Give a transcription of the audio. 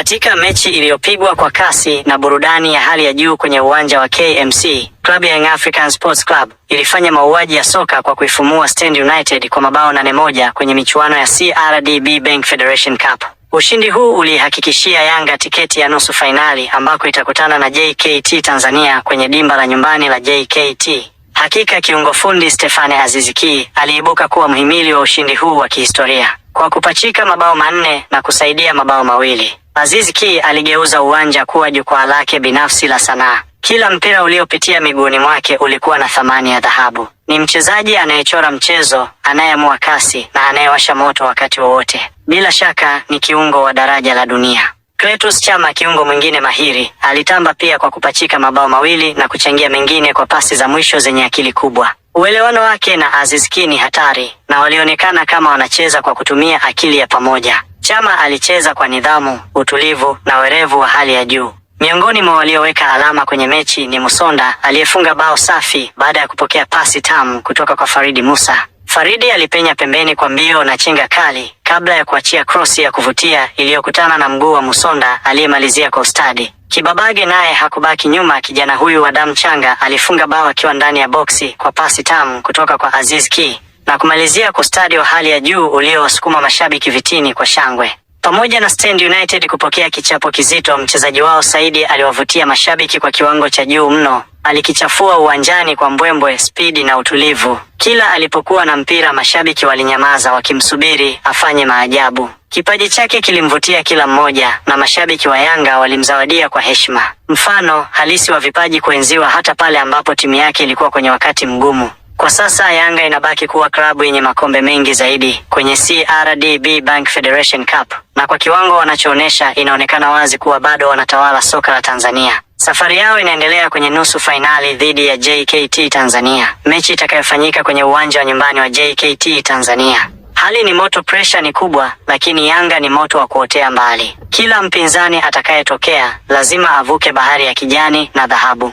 Katika mechi iliyopigwa kwa kasi na burudani ya hali ya juu kwenye uwanja wa KMC, klabu ya Young African Sports Club ilifanya mauaji ya soka kwa kuifumua Stand United kwa mabao nane moja kwenye michuano ya CRDB Bank Federation Cup. Ushindi huu uliihakikishia Yanga tiketi ya nusu fainali ambako itakutana na JKT Tanzania kwenye dimba la nyumbani la JKT. Hakika kiungo fundi Stefane Aziziki aliibuka kuwa mhimili wa ushindi huu wa kihistoria kwa kupachika mabao manne na kusaidia mabao mawili. Aziz Ki aligeuza uwanja kuwa jukwaa lake binafsi la sanaa. Kila mpira uliopitia miguuni mwake ulikuwa na thamani ya dhahabu. Ni mchezaji anayechora mchezo, anayeamua kasi na anayewasha moto wakati wowote. Bila shaka ni kiungo wa daraja la dunia. Clatous Chama, kiungo mwingine mahiri, alitamba pia kwa kupachika mabao mawili na kuchangia mengine kwa pasi za mwisho zenye akili kubwa. Uelewano wake na Aziz Ki ni hatari na walionekana kama wanacheza kwa kutumia akili ya pamoja. Chama alicheza kwa nidhamu, utulivu na werevu wa hali ya juu. Miongoni mwa walioweka alama kwenye mechi ni Musonda aliyefunga bao safi baada ya kupokea pasi tamu kutoka kwa Faridi Musa. Faridi alipenya pembeni kwa mbio na chenga kali kabla ya kuachia krosi ya kuvutia iliyokutana na mguu wa Musonda aliyemalizia kwa ustadi. Kibabage naye hakubaki nyuma. Kijana huyu wa damu changa alifunga bao akiwa ndani ya boksi kwa pasi tamu kutoka kwa Aziz Ki na kumalizia kwa ustadi wa hali ya juu uliowasukuma mashabiki vitini kwa shangwe. Pamoja na Stand United kupokea kichapo kizito, mchezaji wao Saidi aliwavutia mashabiki kwa kiwango cha juu mno alikichafua uwanjani kwa mbwembwe, spidi na utulivu. Kila alipokuwa na mpira, mashabiki walinyamaza wakimsubiri afanye maajabu. Kipaji chake kilimvutia kila mmoja na mashabiki wa Yanga walimzawadia kwa heshima. Mfano halisi wa vipaji kuenziwa hata pale ambapo timu yake ilikuwa kwenye wakati mgumu. Kwa sasa Yanga inabaki kuwa klabu yenye makombe mengi zaidi kwenye CRDB Bank Federation Cup, na kwa kiwango wanachoonyesha inaonekana wazi kuwa bado wanatawala soka la Tanzania. Safari yao inaendelea kwenye nusu fainali dhidi ya JKT Tanzania, mechi itakayofanyika kwenye uwanja wa nyumbani wa JKT Tanzania. Hali ni moto, presha ni kubwa, lakini Yanga ni moto wa kuotea mbali. Kila mpinzani atakayetokea lazima avuke bahari ya kijani na dhahabu.